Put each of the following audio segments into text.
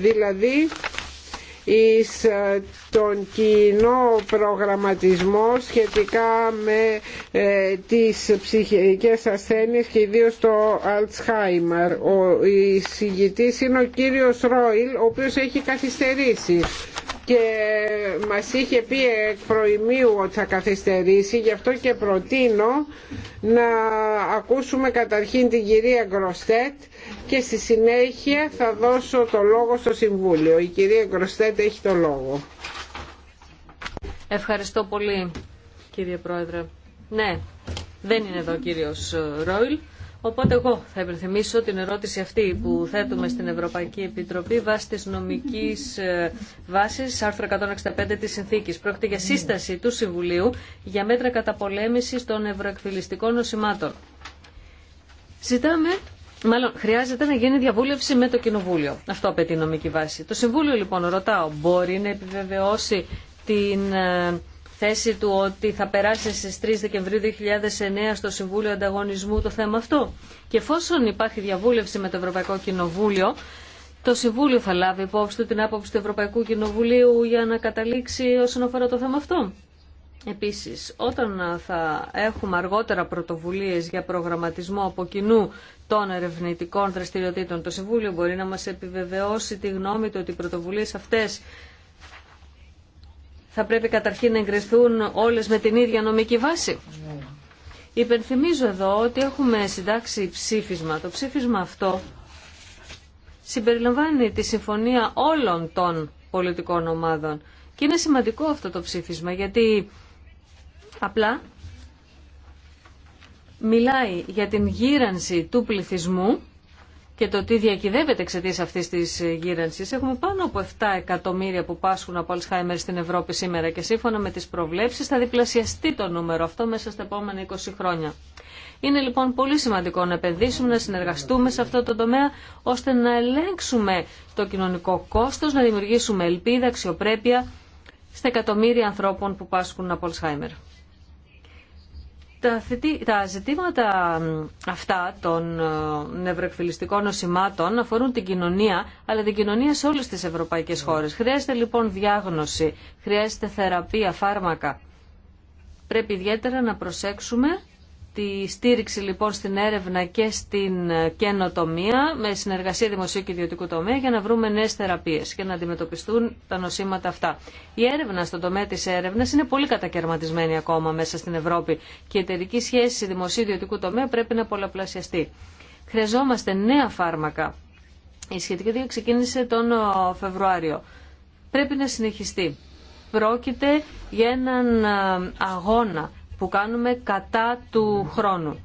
δηλαδή εις ε, τον κοινό προγραμματισμό σχετικά με ε, τις ψυχικές ασθένειες και ιδίως το Αλτσχάιμαρ. Ο εισηγητής είναι ο κύριος Ρόιλ, ο οποίος έχει καθυστερήσει και μας είχε πει εκ προημίου ότι θα καθυστερήσει γι' αυτό και προτείνω να ακούσουμε καταρχήν την κυρία Γκροστέτ και στη συνέχεια θα δώσω το λόγο στο Συμβούλιο. Η κυρία Γκροστέτ έχει το λόγο. Ευχαριστώ πολύ κύριε Πρόεδρε. Ναι, δεν είναι εδώ ο κύριος Ρόιλ Οπότε εγώ θα υπενθυμίσω την ερώτηση αυτή που θέτουμε στην Ευρωπαϊκή Επιτροπή βάσει της νομικής ε, βάσης άρθρο 165 της Συνθήκης. Πρόκειται για σύσταση του Συμβουλίου για μέτρα καταπολέμησης των ευρωεκφυλιστικών νοσημάτων. Ζητάμε Μάλλον χρειάζεται να γίνει διαβούλευση με το Κοινοβούλιο. Αυτό απαιτεί η νομική βάση. Το Συμβούλιο λοιπόν ρωτάω μπορεί να επιβεβαιώσει την ε, θέση του ότι θα περάσει στις 3 Δεκεμβρίου 2009 στο Συμβούλιο Ανταγωνισμού το θέμα αυτό. Και εφόσον υπάρχει διαβούλευση με το Ευρωπαϊκό Κοινοβούλιο, το Συμβούλιο θα λάβει υπόψη του την άποψη του Ευρωπαϊκού Κοινοβουλίου για να καταλήξει όσον αφορά το θέμα αυτό. Επίσης, όταν θα έχουμε αργότερα πρωτοβουλίες για προγραμματισμό από κοινού των ερευνητικών δραστηριοτήτων, το Συμβούλιο μπορεί να μας επιβεβαιώσει τη γνώμη του ότι οι πρωτοβουλίες αυτές θα πρέπει καταρχήν να εγκριθούν όλες με την ίδια νομική βάση. Υπενθυμίζω εδώ ότι έχουμε συντάξει ψήφισμα. Το ψήφισμα αυτό συμπεριλαμβάνει τη συμφωνία όλων των πολιτικών ομάδων. Και είναι σημαντικό αυτό το ψήφισμα γιατί απλά μιλάει για την γύρανση του πληθυσμού και το τι διακυδεύεται εξαιτία αυτή τη ε, γύρανση. Έχουμε πάνω από 7 εκατομμύρια που πάσχουν από Αλσχάιμερ στην Ευρώπη σήμερα και σύμφωνα με τι προβλέψει θα διπλασιαστεί το νούμερο αυτό μέσα στα επόμενα 20 χρόνια. Είναι λοιπόν πολύ σημαντικό να επενδύσουμε, να συνεργαστούμε σε αυτό το τομέα ώστε να ελέγξουμε το κοινωνικό κόστο, να δημιουργήσουμε ελπίδα, αξιοπρέπεια στα εκατομμύρια ανθρώπων που πάσχουν από Αλσχάιμερ. Τα, ζητήματα αυτά των ε, νευροεκφυλιστικών νοσημάτων αφορούν την κοινωνία, αλλά την κοινωνία σε όλες τις ευρωπαϊκές ναι. χώρες. Χρειάζεται λοιπόν διάγνωση, χρειάζεται θεραπεία, φάρμακα. Πρέπει ιδιαίτερα να προσέξουμε τη στήριξη λοιπόν στην έρευνα και στην ε, καινοτομία με συνεργασία δημοσίου και ιδιωτικού τομέα για να βρούμε νέε θεραπείε και να αντιμετωπιστούν τα νοσήματα αυτά. Η έρευνα στον τομέα τη έρευνα είναι πολύ κατακαιρματισμένη ακόμα μέσα στην Ευρώπη και η εταιρική σχέση δημοσίου ιδιωτικού τομέα πρέπει να πολλαπλασιαστεί. Χρειαζόμαστε νέα φάρμακα. Η σχετική δίωξη ξεκίνησε τον ε, Φεβρουάριο. Πρέπει να συνεχιστεί. Πρόκειται για έναν ε, αγώνα που κάνουμε κατά του χρόνου.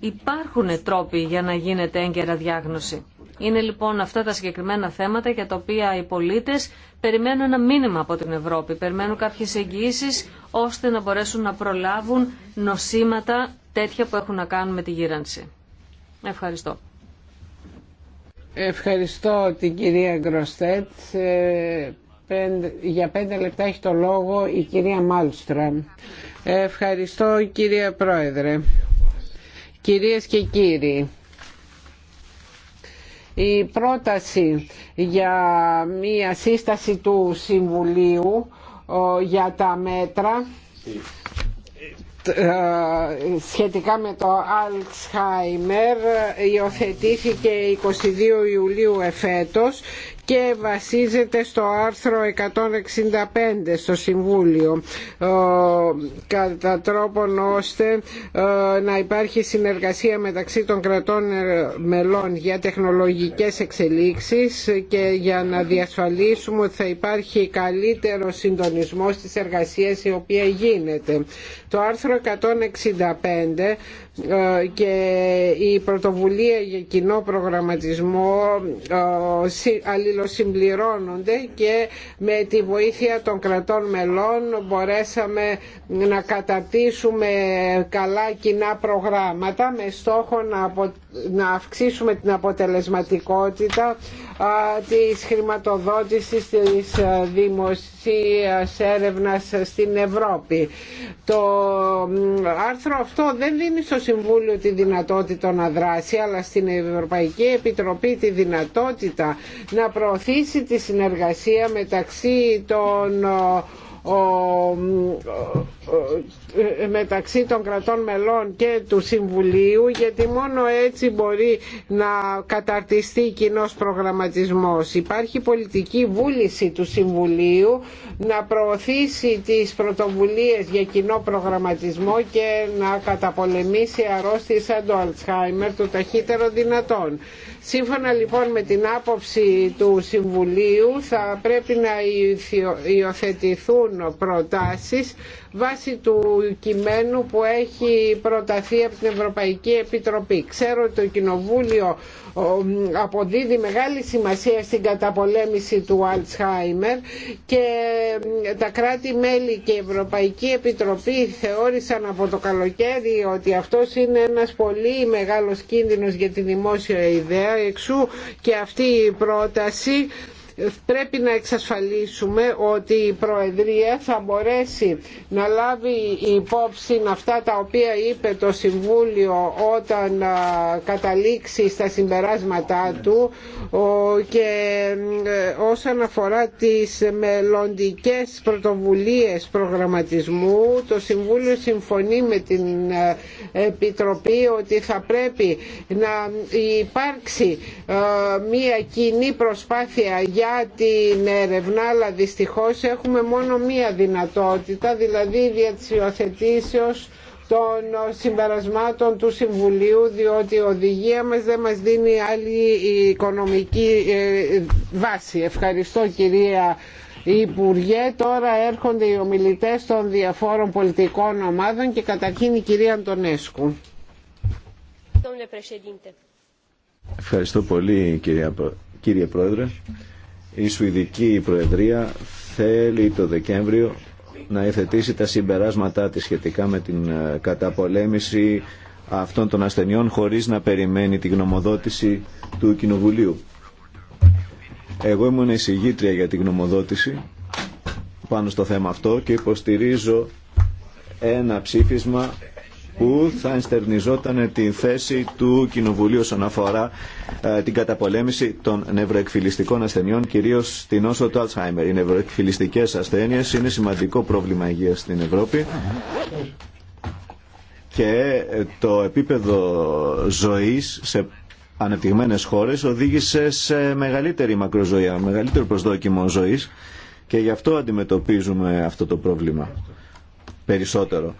Υπάρχουν τρόποι για να γίνεται έγκαιρα διάγνωση. Είναι λοιπόν αυτά τα συγκεκριμένα θέματα για τα οποία οι πολίτες περιμένουν ένα μήνυμα από την Ευρώπη, περιμένουν κάποιες εγγυήσεις ώστε να μπορέσουν να προλάβουν νοσήματα τέτοια που έχουν να κάνουν με τη γύρανση. Ευχαριστώ. Ευχαριστώ την κυρία Γκροστέτ. Ε, για πέντε λεπτά έχει το λόγο η κυρία Μάλστραμ. Ευχαριστώ κυρία Πρόεδρε. Κυρίες και κύριοι, η πρόταση για μία σύσταση του Συμβουλίου για τα μέτρα ε, σχετικά με το Alzheimer υιοθετήθηκε 22 Ιουλίου εφέτος και βασίζεται στο άρθρο 165 στο Συμβούλιο κατά τρόπον ώστε να υπάρχει συνεργασία μεταξύ των κρατών μελών για τεχνολογικές εξελίξεις και για να διασφαλίσουμε ότι θα υπάρχει καλύτερο συντονισμός της εργασίας η οποία γίνεται. Το άρθρο 165 ε, και η πρωτοβουλία για κοινό προγραμματισμό ε, αλληλοσυμπληρώνονται και με τη βοήθεια των κρατών μελών μπορέσαμε να κατατήσουμε καλά κοινά προγράμματα με στόχο να, αυξήσουμε την αποτελεσματικότητα ε, της χρηματοδότησης της δημοσίας έρευνας στην Ευρώπη. Το άρθρο αυτό δεν δίνει στο Συμβούλιο τη δυνατότητα να δράσει αλλά στην Ευρωπαϊκή Επιτροπή τη δυνατότητα να προωθήσει τη συνεργασία μεταξύ των μεταξύ των κρατών μελών και του Συμβουλίου γιατί μόνο έτσι μπορεί να καταρτιστεί κοινό προγραμματισμός. Υπάρχει πολιτική βούληση του Συμβουλίου να προωθήσει τις πρωτοβουλίες για κοινό προγραμματισμό και να καταπολεμήσει αρρώστιες σαν το Αλτσχάιμερ το ταχύτερο δυνατόν. Σύμφωνα λοιπόν με την άποψη του Συμβουλίου θα πρέπει να υιοθετηθούν προτάσεις βάσει του κειμένου που έχει προταθεί από την Ευρωπαϊκή Επιτροπή. Ξέρω ότι το Κοινοβούλιο αποδίδει μεγάλη σημασία στην καταπολέμηση του Αλτσχάιμερ και τα κράτη-μέλη και η Ευρωπαϊκή Επιτροπή θεώρησαν από το καλοκαίρι ότι αυτός είναι ένας πολύ μεγάλος κίνδυνος για τη δημόσια ιδέα εξού και αυτή η πρόταση πρέπει να εξασφαλίσουμε ότι η Προεδρία θα μπορέσει να λάβει υπόψη αυτά τα οποία είπε το Συμβούλιο όταν καταλήξει στα συμπεράσματά του και ε, όσον αφορά τις μελλοντικές πρωτοβουλίες προγραμματισμού το Συμβούλιο συμφωνεί με την ε, Επιτροπή ότι θα πρέπει να υπάρξει ε, μια κοινή προσπάθεια για την έρευνα αλλά δυστυχώς έχουμε μόνο μία δυνατότητα δηλαδή δια της των συμπερασμάτων του Συμβουλίου διότι η οδηγία μας δεν μας δίνει άλλη οικονομική ε, βάση. Ευχαριστώ κυρία Υπουργέ. Τώρα έρχονται οι ομιλητές των διαφόρων πολιτικών ομάδων και καταρχήν η κυρία Αντωνέσκου. Ευχαριστώ πολύ κυρία, κύριε Πρόεδρε. Η Σουηδική Προεδρία θέλει το Δεκέμβριο να υθετήσει τα συμπεράσματά της σχετικά με την ε, καταπολέμηση αυτών των ασθενειών χωρίς να περιμένει τη γνωμοδότηση του Κοινοβουλίου. Εγώ ήμουν εισηγήτρια για τη γνωμοδότηση πάνω στο θέμα αυτό και υποστηρίζω ένα ψήφισμα που θα ενστερνιζόταν τη θέση του Κοινοβουλίου όσον αφορά ε, την καταπολέμηση των νευροεκφυλιστικών ασθενειών, κυρίω την όσο του Αλτσχάιμερ. Οι νευροεκφυλιστικέ ασθένειε είναι σημαντικό πρόβλημα υγεία στην Ευρώπη και ε, το επίπεδο ζωής σε ανεπτυγμένε χώρες οδήγησε σε μεγαλύτερη μακροζωία, μεγαλύτερο προσδόκιμο ζωής και γι' αυτό αντιμετωπίζουμε αυτό το πρόβλημα περισσότερο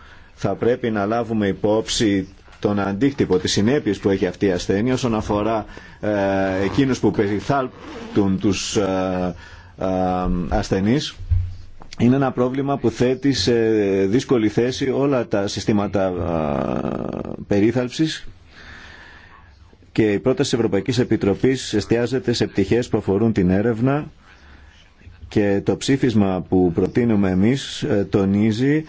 θα πρέπει να λάβουμε υπόψη τον αντίκτυπο, τις συνέπειες που έχει αυτή η ασθένεια όσον αφορά ε, εκείνους που περιθάλπτουν τους ε, ε ασθενείς. Είναι ένα πρόβλημα που θέτει σε δύσκολη θέση όλα τα συστήματα ε, περίθαλψης και η πρόταση της Ευρωπαϊκής Επιτροπής εστιάζεται σε πτυχές που αφορούν την έρευνα και το ψήφισμα που προτείνουμε εμείς ε, τονίζει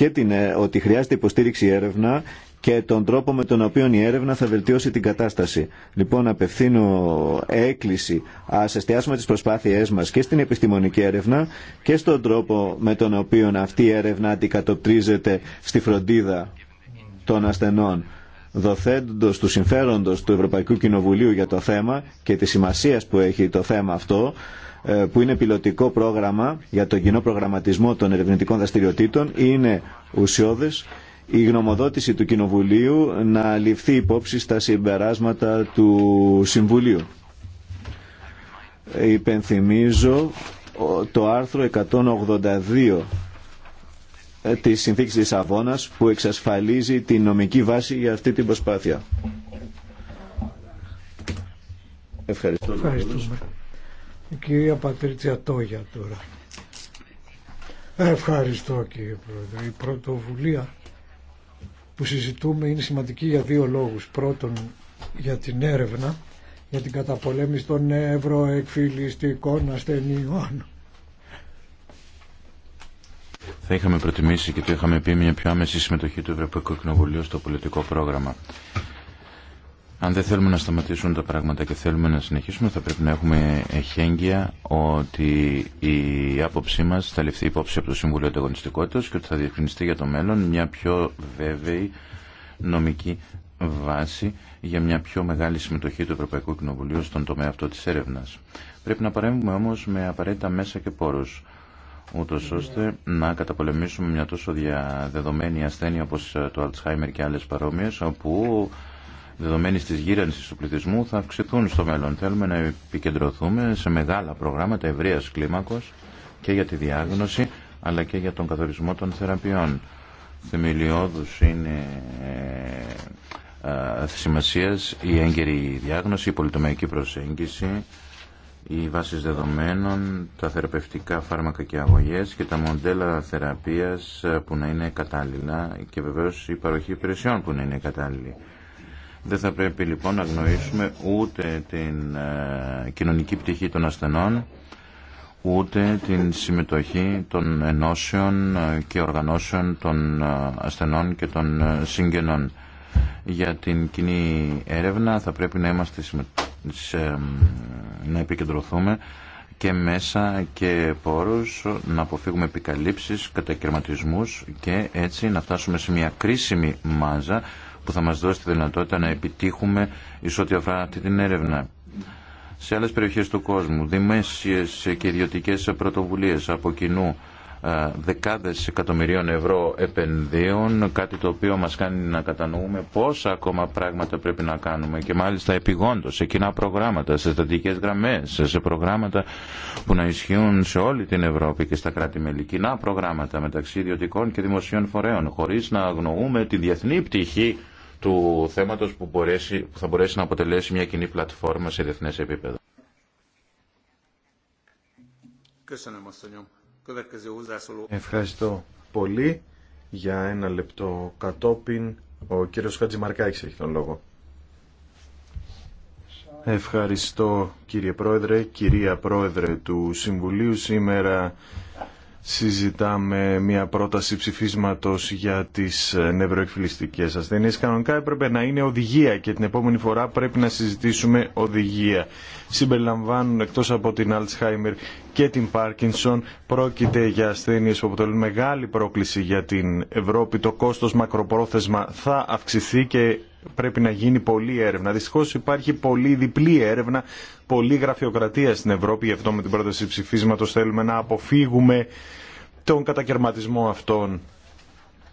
και την, ε, ότι χρειάζεται υποστήριξη έρευνα και τον τρόπο με τον οποίο η έρευνα θα βελτιώσει την κατάσταση. Λοιπόν, απευθύνω έκκληση. Α εστιάσουμε τι προσπάθειέ μα και στην επιστημονική έρευνα και στον τρόπο με τον οποίο αυτή η έρευνα αντικατοπτρίζεται στη φροντίδα των ασθενών δοθέντος του συμφέροντος του Ευρωπαϊκού Κοινοβουλίου για το θέμα και τη σημασία που έχει το θέμα αυτό, ε, που είναι πιλωτικό πρόγραμμα για τον κοινό προγραμματισμό των ερευνητικών δραστηριοτήτων, είναι ουσιώδες η γνωμοδότηση του Κοινοβουλίου να ληφθεί υπόψη στα συμπεράσματα του Συμβουλίου. Υπενθυμίζω το άρθρο 182 ε, τη συνθήκη της Αβώνας που εξασφαλίζει τη νομική βάση για αυτή την προσπάθεια. Ευχαριστώ. Ευχαριστούμε. Η κυρία Πατρίτσια Τόγια τώρα. Ευχαριστώ κύριε Πρόεδρε. Η πρωτοβουλία που συζητούμε είναι σημαντική για δύο λόγους. Πρώτον για την έρευνα, για την καταπολέμηση των ευρωεκφυλιστικών ασθενειών θα είχαμε προτιμήσει και το είχαμε πει μια πιο άμεση συμμετοχή του Ευρωπαϊκού Κοινοβουλίου στο πολιτικό πρόγραμμα. Αν δεν θέλουμε να σταματήσουν τα πράγματα και θέλουμε να συνεχίσουμε, θα πρέπει να έχουμε εχέγγυα ότι η άποψή μα θα ληφθεί υπόψη από το Συμβούλιο Ανταγωνιστικότητα και ότι θα διευκρινιστεί για το μέλλον μια πιο βέβαιη νομική βάση για μια πιο μεγάλη συμμετοχή του Ευρωπαϊκού Κοινοβουλίου στον τομέα αυτό τη έρευνα. Πρέπει να παρέμβουμε όμω με απαραίτητα μέσα και πόρου ούτως ώστε να καταπολεμήσουμε μια τόσο διαδεδομένη ασθένεια όπως ε, το Αλτσχάιμερ και άλλες παρόμοιες όπου δεδομένης της γύρανσης του πληθυσμού θα αυξηθούν στο μέλλον. Θέλουμε να επικεντρωθούμε σε μεγάλα προγράμματα ευρείας κλίμακος και για τη διάγνωση αλλά και για τον καθορισμό των θεραπείων. Θεμελιώδους είναι ε, ε, σημασίας η έγκαιρη διάγνωση, η πολυτομιακή προσέγγιση οι βάσεις δεδομένων, τα θεραπευτικά φάρμακα και αγωγές και τα μοντέλα θεραπείας που να είναι κατάλληλα και βεβαίως η παροχή υπηρεσιών που να είναι κατάλληλη. Δεν θα πρέπει λοιπόν να γνωρίσουμε ούτε την ε, κοινωνική πτυχή των ασθενών, ούτε την συμμετοχή των ενώσεων ε, και οργανώσεων των ε, ασθενών και των συγγενών για την κοινή έρευνα θα πρέπει να, είμαστε, να επικεντρωθούμε και μέσα και πόρους, να αποφύγουμε επικαλύψεις, κατακαιρματισμούς και έτσι να φτάσουμε σε μια κρίσιμη μάζα που θα μας δώσει τη δυνατότητα να επιτύχουμε εις ό,τι αφορά την έρευνα. Σε άλλες περιοχές του κόσμου, δημόσιες και ιδιωτικές πρωτοβουλίες από κοινού δεκάδες εκατομμυρίων ευρώ επενδύων, κάτι το οποίο μας κάνει να κατανοούμε πόσα ακόμα πράγματα πρέπει να κάνουμε και μάλιστα επιγόντως σε κοινά προγράμματα, σε στατικές γραμμές, σε προγράμματα που να ισχύουν σε όλη την Ευρώπη και στα κράτη-μέλη. Κοινά προγράμματα μεταξύ ιδιωτικών και δημοσίων φορέων, χωρίς να αγνοούμε τη διεθνή πτυχή του θέματος που, μπορέσει, θα μπορέσει να αποτελέσει μια κοινή πλατφόρμα σε διεθνές επίπεδο. Köszönöm, asszonyom. Ευχαριστώ πολύ. Για ένα λεπτό κατόπιν ο κύριος Χατζημαρκάκης έχει τον λόγο. Ευχαριστώ κύριε Πρόεδρε, κυρία Πρόεδρε του Συμβουλίου. Σήμερα συζητάμε μια πρόταση ψηφίσματος για τις νευροεκφυλιστικές ασθένειες. Κανονικά έπρεπε να είναι οδηγία και την επόμενη φορά πρέπει να συζητήσουμε οδηγία. Συμπεριλαμβάνουν εκτός από την Alzheimer και την Parkinson. Πρόκειται για ασθένειες που αποτελούν μεγάλη πρόκληση για την Ευρώπη. Το κόστος μακροπρόθεσμα θα αυξηθεί και πρέπει να γίνει πολλή έρευνα. Δυστυχώ υπάρχει πολλή διπλή έρευνα, πολλή γραφειοκρατία στην Ευρώπη. Γι' αυτό με την πρόταση ψηφίσματο θέλουμε να αποφύγουμε τον κατακαιρματισμό αυτών.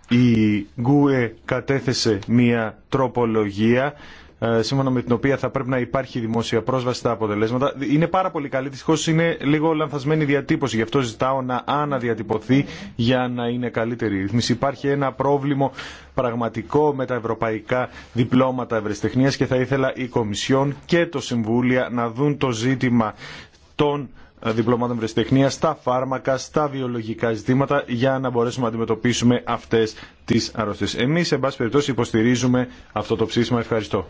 Η Γκουε κατέθεσε μία τροπολογία ε, σύμφωνα με την οποία θα πρέπει να υπάρχει δημόσια πρόσβαση στα αποτελέσματα. Είναι πάρα πολύ καλή, δυστυχώ είναι λίγο λανθασμένη διατύπωση. Γι' αυτό ζητάω να αναδιατυπωθεί για να είναι καλύτερη η ρύθμιση. Υπάρχει ένα πρόβλημα πραγματικό με τα ευρωπαϊκά διπλώματα ευρεσιτεχνία και θα ήθελα η Κομισιόν και το Συμβούλια να δουν το ζήτημα των ε, διπλωμάτων ευρεσιτεχνία στα φάρμακα, στα βιολογικά ζητήματα για να μπορέσουμε να αντιμετωπίσουμε αυτέ τι αρρώστιε. Εμεί, εν πάση περιπτώσει, υποστηρίζουμε αυτό το ψήφισμα. Ευχαριστώ.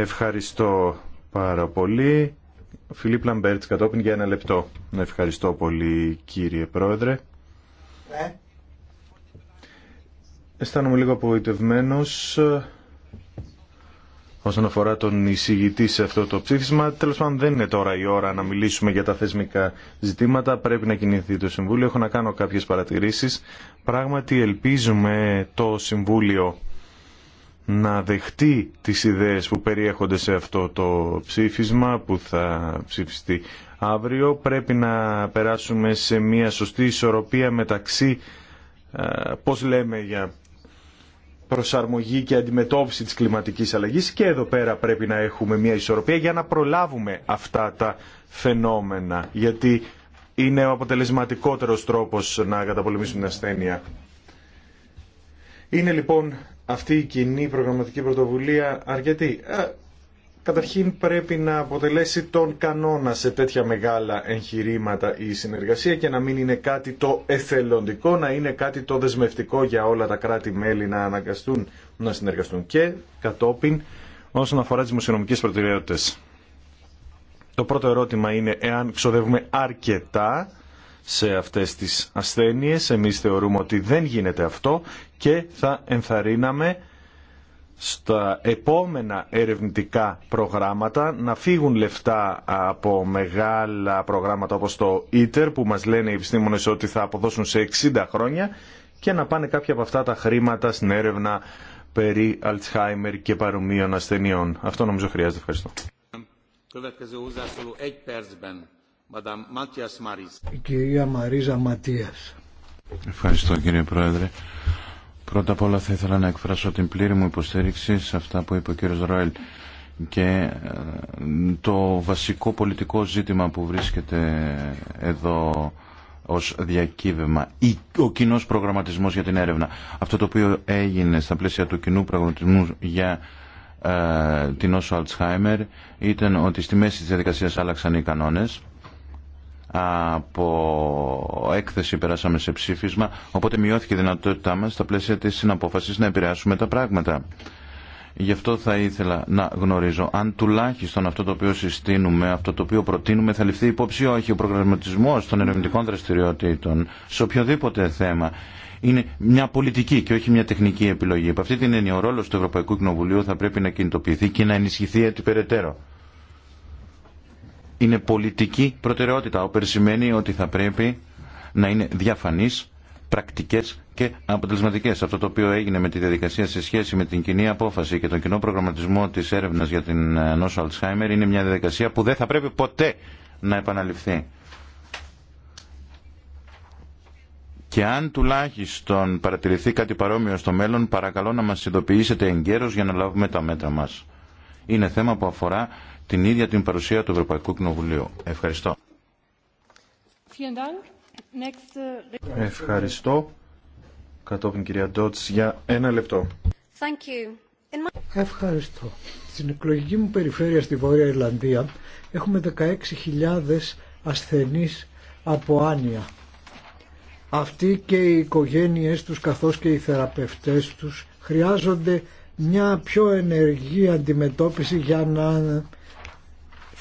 Ευχαριστώ πάρα πολύ. Φιλίπ Λαμπέρτς κατόπιν για ένα λεπτό. Ευχαριστώ πολύ κύριε Πρόεδρε. Ε. Αισθάνομαι λίγο απογοητευμένος ε, όσον αφορά τον εισηγητή σε αυτό το ψήφισμα. Τέλος πάντων δεν είναι τώρα η ώρα να μιλήσουμε για τα θεσμικά ζητήματα. Πρέπει να κινηθεί το Συμβούλιο. Έχω να κάνω κάποιες παρατηρήσεις. Πράγματι ελπίζουμε το Συμβούλιο να δεχτεί τις ιδέες που περιέχονται σε αυτό το ψήφισμα που θα ψηφιστεί αύριο. Πρέπει να περάσουμε σε μια σωστή ισορροπία μεταξύ, πώς λέμε, για προσαρμογή και αντιμετώπιση της κλιματικής αλλαγής και εδώ πέρα πρέπει να έχουμε μια ισορροπία για να προλάβουμε αυτά τα φαινόμενα γιατί είναι ο αποτελεσματικότερος τρόπος να καταπολεμήσουμε την ασθένεια είναι λοιπόν αυτή η κοινή προγραμματική πρωτοβουλία αρκετή. Ε, καταρχήν πρέπει να αποτελέσει τον κανόνα σε τέτοια μεγάλα εγχειρήματα η συνεργασία και να μην είναι κάτι το εθελοντικό, να είναι κάτι το δεσμευτικό για όλα τα κράτη-μέλη να αναγκαστούν να συνεργαστούν και κατόπιν όσον αφορά τις μουσιονομικές προτεραιότητες. Το πρώτο ερώτημα είναι εάν ξοδεύουμε αρκετά σε αυτές τις ασθένειες. Εμείς θεωρούμε ότι δεν γίνεται αυτό και θα ενθαρρύναμε στα επόμενα ερευνητικά προγράμματα να φύγουν λεφτά από μεγάλα προγράμματα όπως το ITER που μας λένε οι επιστήμονες ότι θα αποδώσουν σε 60 χρόνια και να πάνε κάποια από αυτά τα χρήματα στην έρευνα περί Αλτσχάιμερ και παρομοίων ασθενειών. Αυτό νομίζω χρειάζεται. Ευχαριστώ. Η κυρία Μαρίζα Ματίας. Ευχαριστώ κύριε Πρόεδρε. Πρώτα απ' όλα θα ήθελα να εκφράσω την πλήρη μου υποστήριξη σε αυτά που είπε ο κύριος Ροέλ και ε, το βασικό πολιτικό ζήτημα που βρίσκεται εδώ ως διακύβευμα ή ο κοινό προγραμματισμός για την έρευνα. Αυτό το οποίο έγινε στα πλαίσια του κοινού προγραμματισμού για ε, την όσο Αλτσχάιμερ ήταν ότι στη μέση της διαδικασίας άλλαξαν οι κανόνες από έκθεση περάσαμε σε ψήφισμα, οπότε μειώθηκε η δυνατότητά μας στα πλαίσια της συναπόφασης να επηρεάσουμε τα πράγματα. Γι' αυτό θα ήθελα να γνωρίζω αν τουλάχιστον αυτό το οποίο συστήνουμε, αυτό το οποίο προτείνουμε θα ληφθεί υπόψη όχι. Ο προγραμματισμό των ερευνητικών δραστηριοτήτων σε οποιοδήποτε θέμα είναι μια πολιτική και όχι μια τεχνική επιλογή. Από αυτή την έννοια ο ρόλο του Ευρωπαϊκού Κοινοβουλίου θα πρέπει να κινητοποιηθεί και να ενισχυθεί έτσι περαιτέρω είναι πολιτική προτεραιότητα, όπου σημαίνει ότι θα πρέπει να είναι διαφανείς, πρακτικές και αποτελεσματικές. Αυτό το οποίο έγινε με τη διαδικασία σε σχέση με την κοινή απόφαση και τον κοινό προγραμματισμό της έρευνας για την ε, νόσο Αλτσχάιμερ είναι μια διαδικασία που δεν θα πρέπει ποτέ να επαναληφθεί. Και αν τουλάχιστον παρατηρηθεί κάτι παρόμοιο στο μέλλον, παρακαλώ να μας ειδοποιήσετε εγκαίρως για να λάβουμε τα μέτρα μας. Είναι θέμα που αφορά την ίδια την παρουσία του Ευρωπαϊκού Κοινοβουλίου. Ευχαριστώ. Uh, Ευχαριστώ. Κατόπιν κυρία Ντότς για ένα λεπτό. Ευχαριστώ. Στην εκλογική μου περιφέρεια στη Βόρεια Ιρλανδία έχουμε 16.000 ασθενείς από άνοια. Αυτοί και οι οικογένειές τους καθώς και οι θεραπευτές τους χρειάζονται μια πιο ενεργή αντιμετώπιση για να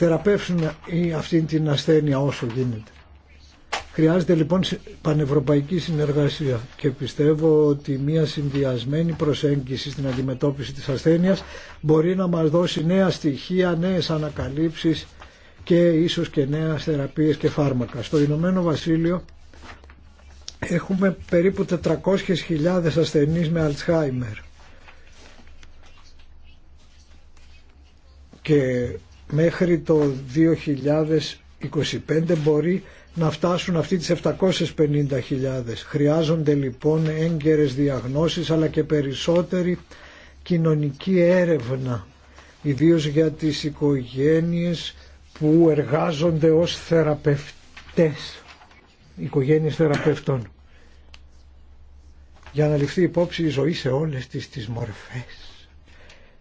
θεραπεύσουν αυτή την ασθένεια όσο γίνεται. Χρειάζεται λοιπόν πανευρωπαϊκή συνεργασία και πιστεύω ότι μια συνδυασμένη προσέγγιση στην αντιμετώπιση της ασθένειας μπορεί να μας δώσει νέα στοιχεία, νέες ανακαλύψεις και ίσως και νέα θεραπείες και φάρμακα. Στο Ηνωμένο Βασίλειο έχουμε περίπου 400.000 ασθενείς με Αλτσχάιμερ και μέχρι το 2025 μπορεί να φτάσουν αυτοί τις 750.000. Χρειάζονται λοιπόν έγκαιρες διαγνώσεις αλλά και περισσότερη κοινωνική έρευνα ιδίως για τις οικογένειες που εργάζονται ως θεραπευτές, οικογένειες θεραπευτών για να ληφθεί υπόψη η ζωή σε όλες τις, τις μορφές.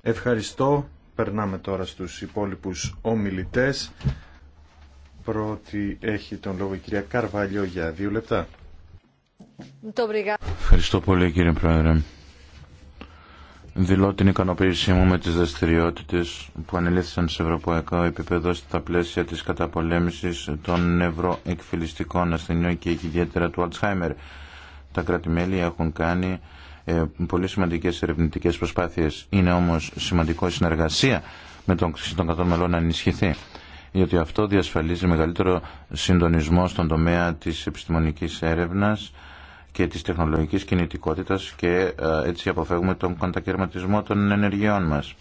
Ευχαριστώ Περνάμε τώρα στους υπόλοιπους ομιλητές. Πρώτη έχει τον λόγο η κυρία Καρβάλιο για δύο λεπτά. Ευχαριστώ πολύ κύριε Πρόεδρε. Δηλώ την ικανοποίησή μου με τις δραστηριότητε που ανελήθησαν σε ευρωπαϊκό επίπεδο στα πλαίσια της καταπολέμησης των νευροεκφυλιστικών ασθενειών και ιδιαίτερα του Αλτσχάιμερ. Τα κρατημέλη έχουν κάνει ε, πολύ σημαντικές ερευνητικές προσπάθειες. Είναι όμως σημαντικό η συνεργασία με τον, των κατών μελών να ενισχυθεί γιατί αυτό διασφαλίζει μεγαλύτερο συντονισμό στον τομέα της επιστημονικής έρευνας και της τεχνολογικής κινητικότητας και ε, έτσι αποφεύγουμε τον κατακαιρματισμό των ενεργειών μας.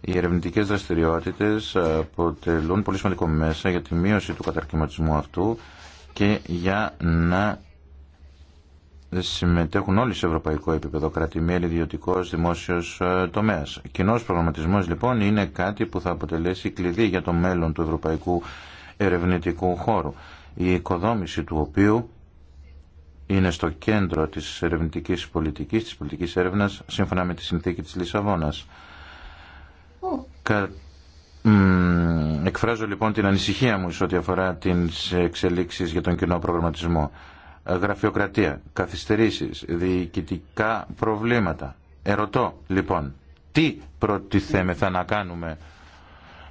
Οι ερευνητικέ δραστηριότητες ε, αποτελούν πολύ σημαντικό μέσα για τη μείωση του καταρκηματισμού αυτού και για να συμμετέχουν όλοι σε ευρωπαϊκό επίπεδο, κρατημέλη, ιδιωτικό, δημόσιο ε, τομέα. Κοινό προγραμματισμό λοιπόν είναι κάτι που θα αποτελέσει κλειδί για το μέλλον του ευρωπαϊκού ερευνητικού χώρου. Η οικοδόμηση του οποίου είναι στο κέντρο τη ερευνητική πολιτική, τη πολιτική έρευνας, σύμφωνα με τη συνθήκη τη Λισαβόνα. Κα... Εκφράζω λοιπόν την ανησυχία μου σε ό,τι αφορά τι εξελίξει για τον κοινό προγραμματισμό γραφειοκρατία, καθυστερήσεις, διοικητικά προβλήματα. Ερωτώ λοιπόν, τι προτιθέμεθα να κάνουμε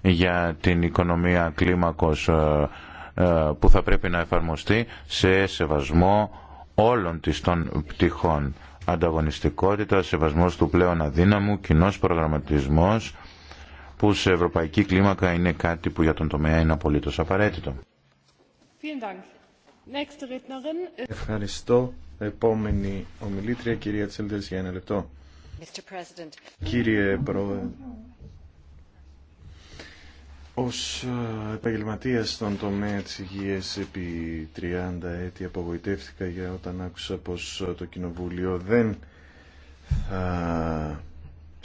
για την οικονομία κλίμακος ε, ε, που θα πρέπει να εφαρμοστεί σε σεβασμό όλων της των πτυχών. Ανταγωνιστικότητα, σεβασμός του πλέον αδύναμου, κοινό προγραμματισμός που σε ευρωπαϊκή κλίμακα είναι κάτι που για τον τομέα είναι απολύτως απαραίτητο. Vielen Dank. Ευχαριστώ. Επόμενη ομιλήτρια, κυρία Τσέλντερς, για ένα λεπτό. Κύριε Πρόεδρε, ως ε, επαγγελματίας στον τομέα της υγείας επί 30 έτη απογοητεύτηκα για όταν άκουσα πως το Κοινοβούλιο δεν θα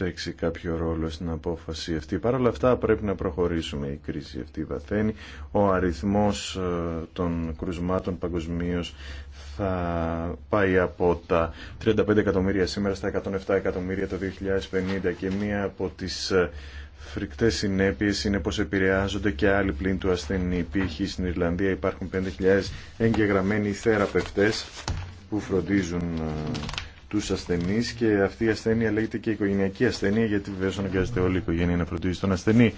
παίξει κάποιο ρόλο στην απόφαση αυτή. Παρ' όλα αυτά πρέπει να προχωρήσουμε. Η κρίση αυτή βαθαίνει. Ο αριθμός ε, των κρουσμάτων παγκοσμίω θα πάει από τα 35 εκατομμύρια σήμερα στα 107 εκατομμύρια το 2050 και μία από τις ε, φρικτές συνέπειες είναι πως επηρεάζονται και άλλοι πλήν του ασθενή. Π.χ. στην Ιρλανδία υπάρχουν 5.000 εγγεγραμμένοι θεραπευτές που φροντίζουν ε, τους ασθενείς και αυτή η ασθένεια λέγεται και οικογενειακή ασθένεια γιατί βεβαίως αναγκάζεται όλη η οικογένεια να φροντίζει τον ασθενή.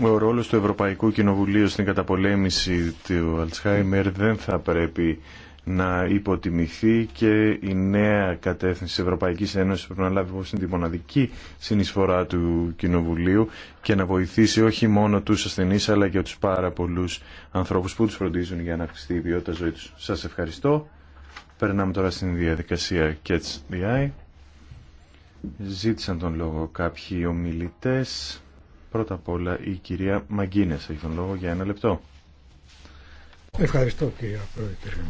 Ο ρόλος του Ευρωπαϊκού Κοινοβουλίου στην καταπολέμηση του Αλτσχάιμερ δεν θα πρέπει να υποτιμηθεί και η νέα κατεύθυνση της Ευρωπαϊκής Ένωσης πρέπει να λάβει είναι τη μοναδική συνεισφορά του Κοινοβουλίου και να βοηθήσει όχι μόνο τους ασθενείς αλλά και τους πάρα πολλούς ανθρώπους που τους φροντίζουν για να αυξηθεί η ποιότητα ζωή τους. Σας ευχαριστώ. Περνάμε τώρα στην διαδικασία Catch the Eye. Ζήτησαν τον λόγο κάποιοι ομιλητές. Πρώτα απ' όλα η κυρία Μαγκίνες έχει τον λόγο για ένα λεπτό. Ευχαριστώ κυρία Πρόεδρε.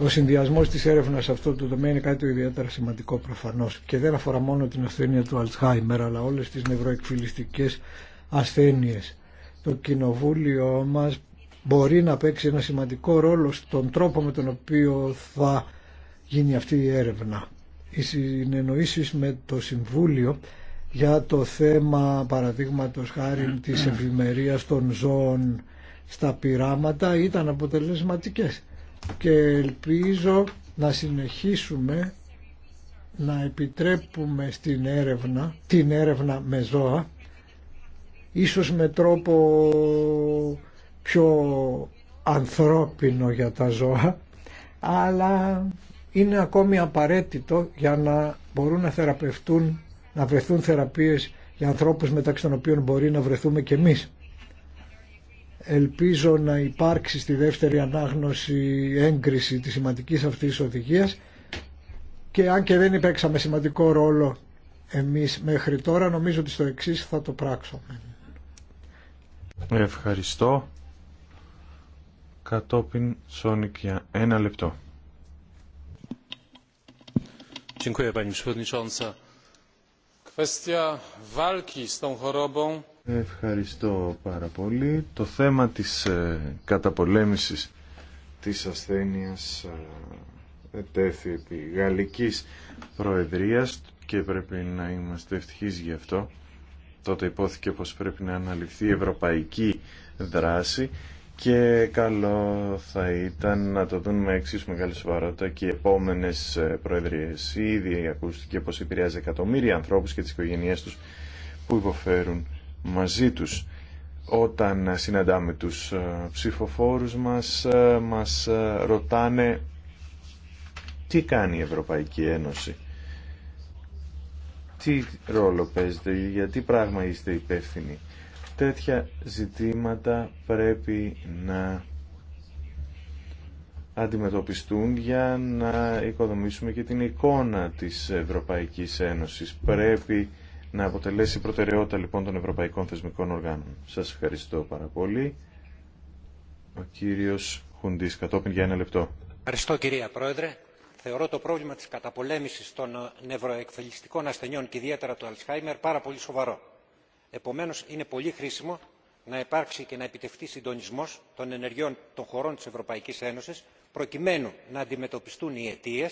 Ο συνδυασμό τη έρευνα σε αυτό το τομέα είναι κάτι το ιδιαίτερα σημαντικό προφανώ και δεν αφορά μόνο την ασθένεια του Αλτσχάιμερ αλλά όλε τι νευροεκφυλιστικέ ασθένειε. Το κοινοβούλιο μα μπορεί να παίξει ένα σημαντικό ρόλο στον τρόπο με τον οποίο θα γίνει αυτή η έρευνα. Οι συνεννοήσεις με το Συμβούλιο για το θέμα παραδείγματος χάρη της εφημερίας των ζώων στα πειράματα ήταν αποτελεσματικές και ελπίζω να συνεχίσουμε να επιτρέπουμε στην έρευνα, την έρευνα με ζώα ίσως με τρόπο πιο ανθρώπινο για τα ζώα αλλά είναι ακόμη απαραίτητο για να μπορούν να θεραπευτούν να βρεθούν θεραπείες για ανθρώπους μεταξύ των οποίων μπορεί να βρεθούμε και εμείς. Ελπίζω να υπάρξει στη δεύτερη ανάγνωση έγκριση της σημαντικής αυτής οδηγίας και αν και δεν υπέξαμε σημαντικό ρόλο εμείς μέχρι τώρα νομίζω ότι στο εξής θα το πράξουμε. Ευχαριστώ κατόπιν Σόνικ για ένα λεπτό. Ευχαριστώ πάρα πολύ. Το θέμα της ε, καταπολέμησης της ασθένειας ε, τέθη επί Γαλλικής Προεδρίας και πρέπει να είμαστε ευτυχείς γι' αυτό. Τότε υπόθηκε πως πρέπει να αναλυφθεί ευρωπαϊκή δράση και καλό θα ήταν να το δούμε με μεγάλη σοβαρότητα και οι επόμενες ε, προεδρίες. Ήδη ακούστηκε πως επηρεάζει εκατομμύρια ανθρώπους και τις οικογένειές τους που υποφέρουν μαζί τους. Όταν συναντάμε τους ε, ψηφοφόρους μας, ε, μας ρωτάνε τι κάνει η Ευρωπαϊκή Ένωση. Τι ρόλο παίζετε, γιατί πράγμα είστε υπεύθυνοι τέτοια ζητήματα πρέπει να αντιμετωπιστούν για να οικοδομήσουμε και την εικόνα της Ευρωπαϊκής Ένωσης. Πρέπει να αποτελέσει προτεραιότητα λοιπόν των Ευρωπαϊκών Θεσμικών Οργάνων. Σας ευχαριστώ πάρα πολύ. Ο κύριος Χουντής, κατόπιν για ένα λεπτό. Ευχαριστώ κυρία Πρόεδρε. Θεωρώ το πρόβλημα της καταπολέμησης των νευροεκφελιστικών ασθενειών και ιδιαίτερα του Αλσχάιμερ πάρα πολύ σοβαρό επομένω είναι πολύ χρήσιμο να υπάρξει και να επιτευχθεί συντονισμό των ενεργειών των χωρών τη ευρωπαϊκή ένωση προκειμένου να αντιμετωπιστούν οι αιτίε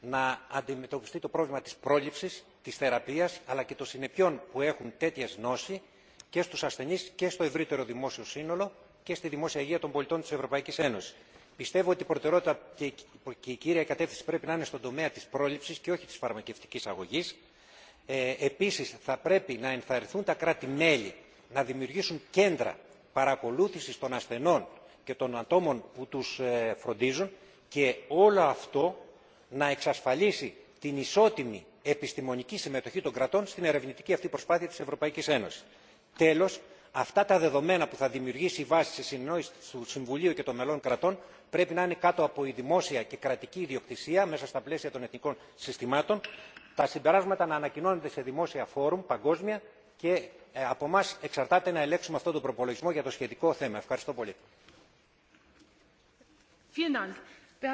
να αντιμετωπιστεί το πρόβλημα της πρόληψης, της θεραπείας αλλά και των συνεπειών που έχουν τέτοιε νόσοι και στους ασθενείς και στο ευρύτερο δημόσιο σύνολο και στη δημόσια υγεία των πολιτών της Ευρωπαϊκής Ένωσης. Πιστεύω ότι η προτεραιότητα και η κύρια κατεύθυνση πρέπει να είναι στον τομέα της πρόληψης και όχι της φαρμακευτικής αγωγής ε, επίσης θα πρέπει να ενθαρρυνθούν τα κράτη μέλη να δημιουργήσουν κέντρα παρακολούθησης των ασθενών και των ατόμων που τους ε, φροντίζουν και όλο αυτό να εξασφαλίσει την ισότιμη επιστημονική συμμετοχή των κρατών στην ερευνητική αυτή προσπάθεια της ευρωπαϊκής ένωσης. τέλος αυτά τα δεδομένα που θα δημιουργήσει η βάση σε συνεννόηση του συμβουλίου και των μελών κρατών πρέπει να είναι κάτω από η δημόσια και κρατική ιδιοκτησία μέσα στα πλαίσια των εθνικών συστημάτων τα συμπεράσματα να ανακοινώνονται σε δημόσια φόρουμ παγκόσμια και ε, από εμά εξαρτάται να ελέγξουμε αυτόν τον προπολογισμό για το σχετικό θέμα. Ευχαριστώ πολύ.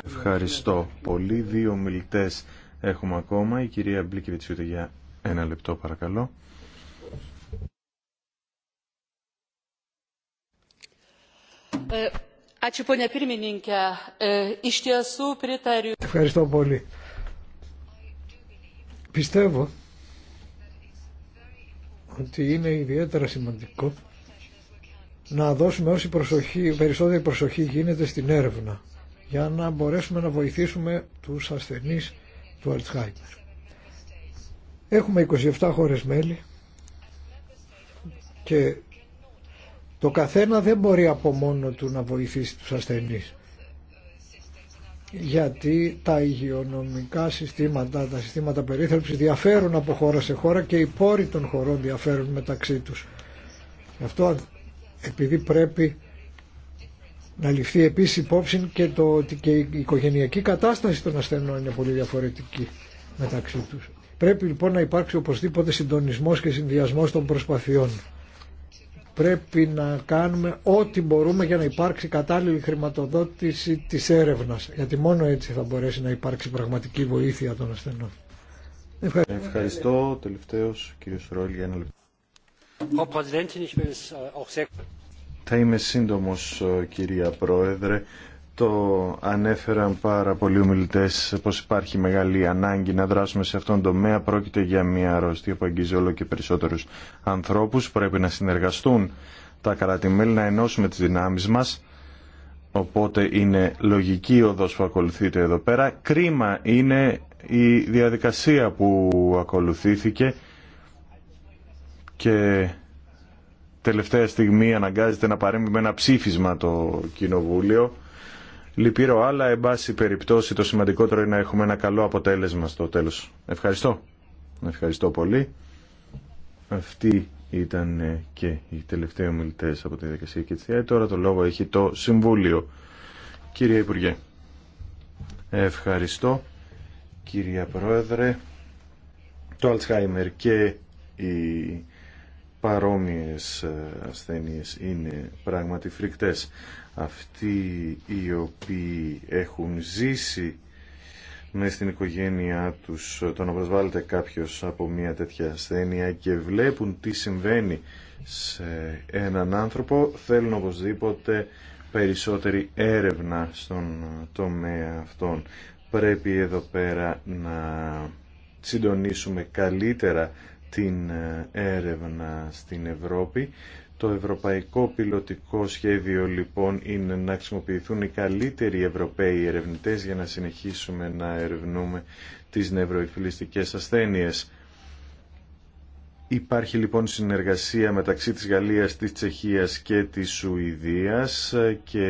Ευχαριστώ πολύ. Δύο μιλητέ έχουμε ακόμα. Η κυρία για ένα λεπτό παρακαλώ. E, Ευχαριστώ πολύ. Πιστεύω ότι είναι ιδιαίτερα σημαντικό να δώσουμε όση προσοχή, περισσότερη προσοχή γίνεται στην έρευνα για να μπορέσουμε να βοηθήσουμε τους ασθενείς του Αλτσχάιμερ. Έχουμε 27 χώρες μέλη και το καθένα δεν μπορεί από μόνο του να βοηθήσει τους ασθενείς. Γιατί τα υγειονομικά συστήματα, τα συστήματα περίθαλψης διαφέρουν από χώρα σε χώρα και οι πόροι των χωρών διαφέρουν μεταξύ τους. Γι' αυτό επειδή πρέπει να ληφθεί επίσης υπόψη και το ότι και η οικογενειακή κατάσταση των ασθενών είναι πολύ διαφορετική μεταξύ τους. Πρέπει λοιπόν να υπάρξει οπωσδήποτε συντονισμός και συνδυασμός των προσπαθειών πρέπει να κάνουμε ό,τι μπορούμε για να υπάρξει κατάλληλη χρηματοδότηση της έρευνας. Γιατί μόνο έτσι θα μπορέσει να υπάρξει πραγματική βοήθεια των ασθενών. Ευχαριστώ. Ευχαριστώ. Τελευταίος, κύριο Ρόλ, για ένα λεπτό. Äh, θα είμαι σύντομος, ε, κυρία Πρόεδρε. Το ανέφεραν πάρα πολλοί ομιλητέ πω υπάρχει μεγάλη ανάγκη να δράσουμε σε αυτόν τον τομέα. Πρόκειται για μια αρρώστια που αγγίζει όλο και περισσότερου ανθρώπου. Πρέπει να συνεργαστούν τα κράτη-μέλη, να ενώσουμε τι δυνάμει μα. Οπότε είναι λογική η οδός που ακολουθείτε εδώ πέρα. Κρίμα είναι η διαδικασία που ακολουθήθηκε και τελευταία στιγμή αναγκάζεται να παρέμβει με ένα ψήφισμα το Κοινοβούλιο Λυπήρω, αλλά εν πάση περιπτώσει το σημαντικότερο είναι να έχουμε ένα καλό αποτέλεσμα στο τέλος. Ευχαριστώ. Ευχαριστώ πολύ. Αυτοί ήταν ε, και οι τελευταίοι ομιλητέ από τη διαδικασία και τη ΕΕ. Τώρα το λόγο έχει το Συμβούλιο. Κύριε Υπουργέ, ευχαριστώ. Κύριε Πρόεδρε, το Αλτσχάιμερ και οι παρόμοιες ε, ασθένειες είναι πράγματι φρικτές αυτοί οι οποίοι έχουν ζήσει με στην οικογένειά τους το να προσβάλλεται κάποιος από μια τέτοια ασθένεια και βλέπουν τι συμβαίνει σε έναν άνθρωπο θέλουν οπωσδήποτε περισσότερη έρευνα στον τομέα αυτών. Πρέπει εδώ πέρα να συντονίσουμε καλύτερα την ε, έρευνα στην Ευρώπη το ευρωπαϊκό πιλωτικό σχέδιο λοιπόν είναι να χρησιμοποιηθούν οι καλύτεροι ευρωπαίοι ερευνητές για να συνεχίσουμε να ερευνούμε τις νευροεκφυλιστικές ασθένειες. Υπάρχει λοιπόν συνεργασία μεταξύ της Γαλλίας, της Τσεχίας και της Σουηδίας και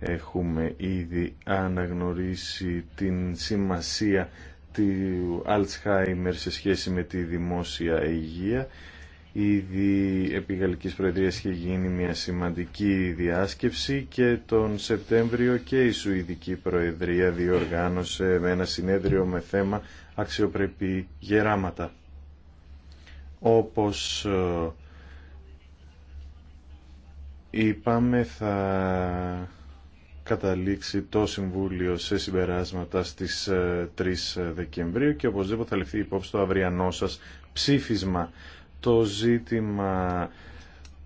έχουμε ήδη αναγνωρίσει την σημασία του Αλτσχάιμερ σε σχέση με τη δημόσια υγεία Ήδη επί Γαλλικής Προεδρίας είχε γίνει μια σημαντική διάσκεψη και τον Σεπτέμβριο και η Σουηδική Προεδρία διοργάνωσε ένα συνέδριο με θέμα αξιοπρεπή γεράματα. Όπως ε, είπαμε θα καταλήξει το Συμβούλιο σε συμπεράσματα στις 3 ε, Δεκεμβρίου και οπωσδήποτε θα ληφθεί υπόψη το αυριανό σας ψήφισμα το ζήτημα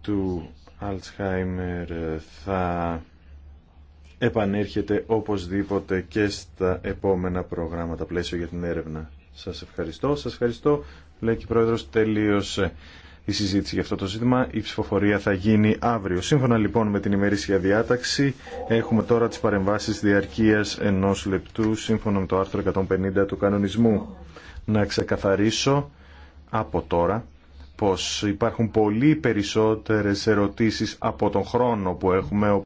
του Αλτσχάιμερ θα επανέρχεται οπωσδήποτε και στα επόμενα προγράμματα πλαίσιο για την έρευνα. Σας ευχαριστώ. Σας ευχαριστώ. Λέει και η Πρόεδρος τελείωσε η συζήτηση για αυτό το ζήτημα. Η ψηφοφορία θα γίνει αύριο. Σύμφωνα λοιπόν με την ημερήσια διάταξη έχουμε τώρα τις παρεμβάσεις διαρκείας ενός λεπτού σύμφωνα με το άρθρο 150 του κανονισμού. Να ξεκαθαρίσω από τώρα πως υπάρχουν πολύ περισσότερες ερωτήσεις από τον χρόνο που έχουμε